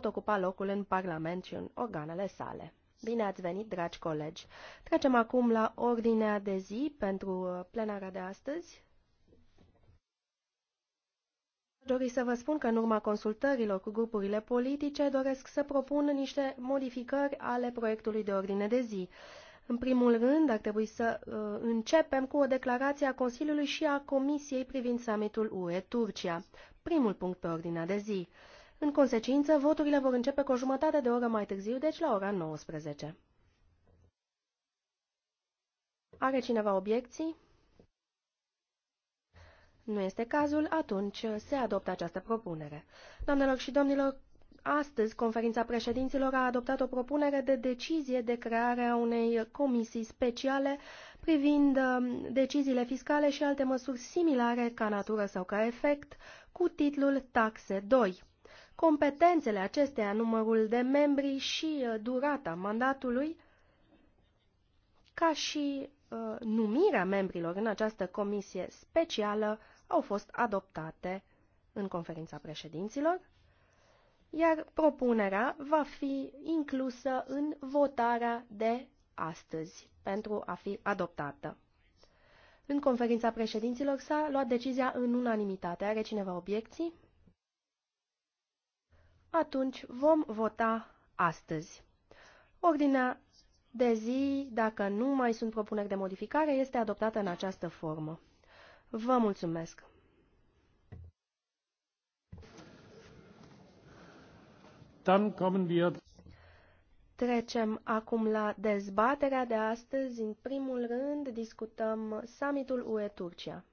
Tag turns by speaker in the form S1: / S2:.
S1: pot ocupa locul în Parlament și în organele sale. Bine ați venit, dragi colegi! Trecem acum la ordinea de zi pentru uh, plenara de astăzi. Dori să vă spun că în urma consultărilor cu grupurile politice doresc să propun niște modificări ale proiectului de ordine de zi. În primul rând, ar trebui să uh, începem cu o declarație a Consiliului și a Comisiei privind summitul UE-Turcia, primul punct pe ordinea de zi. Uh, în consecință, voturile vor începe cu o jumătate de oră mai târziu, deci la ora 19. Are cineva obiecții? Nu este cazul, atunci se adoptă această propunere. Doamnelor și domnilor, astăzi conferința președinților a adoptat o propunere de decizie de creare a unei comisii speciale privind um, deciziile fiscale și alte măsuri similare ca natură sau ca efect, cu titlul Taxe 2 competențele acesteia, numărul de membri și uh, durata mandatului, ca și uh, numirea membrilor în această comisie specială au fost adoptate în conferința președinților, iar propunerea va fi inclusă în votarea de astăzi pentru a fi adoptată. În conferința președinților s-a luat decizia în unanimitate. Are cineva obiecții? atunci vom vota astăzi. Ordinea de zi, dacă nu mai sunt propuneri de modificare, este adoptată în această formă. Vă mulțumesc! Dann kommen wir Trecem acum la dezbaterea de astăzi. În primul rând discutăm summitul UE-Turcia.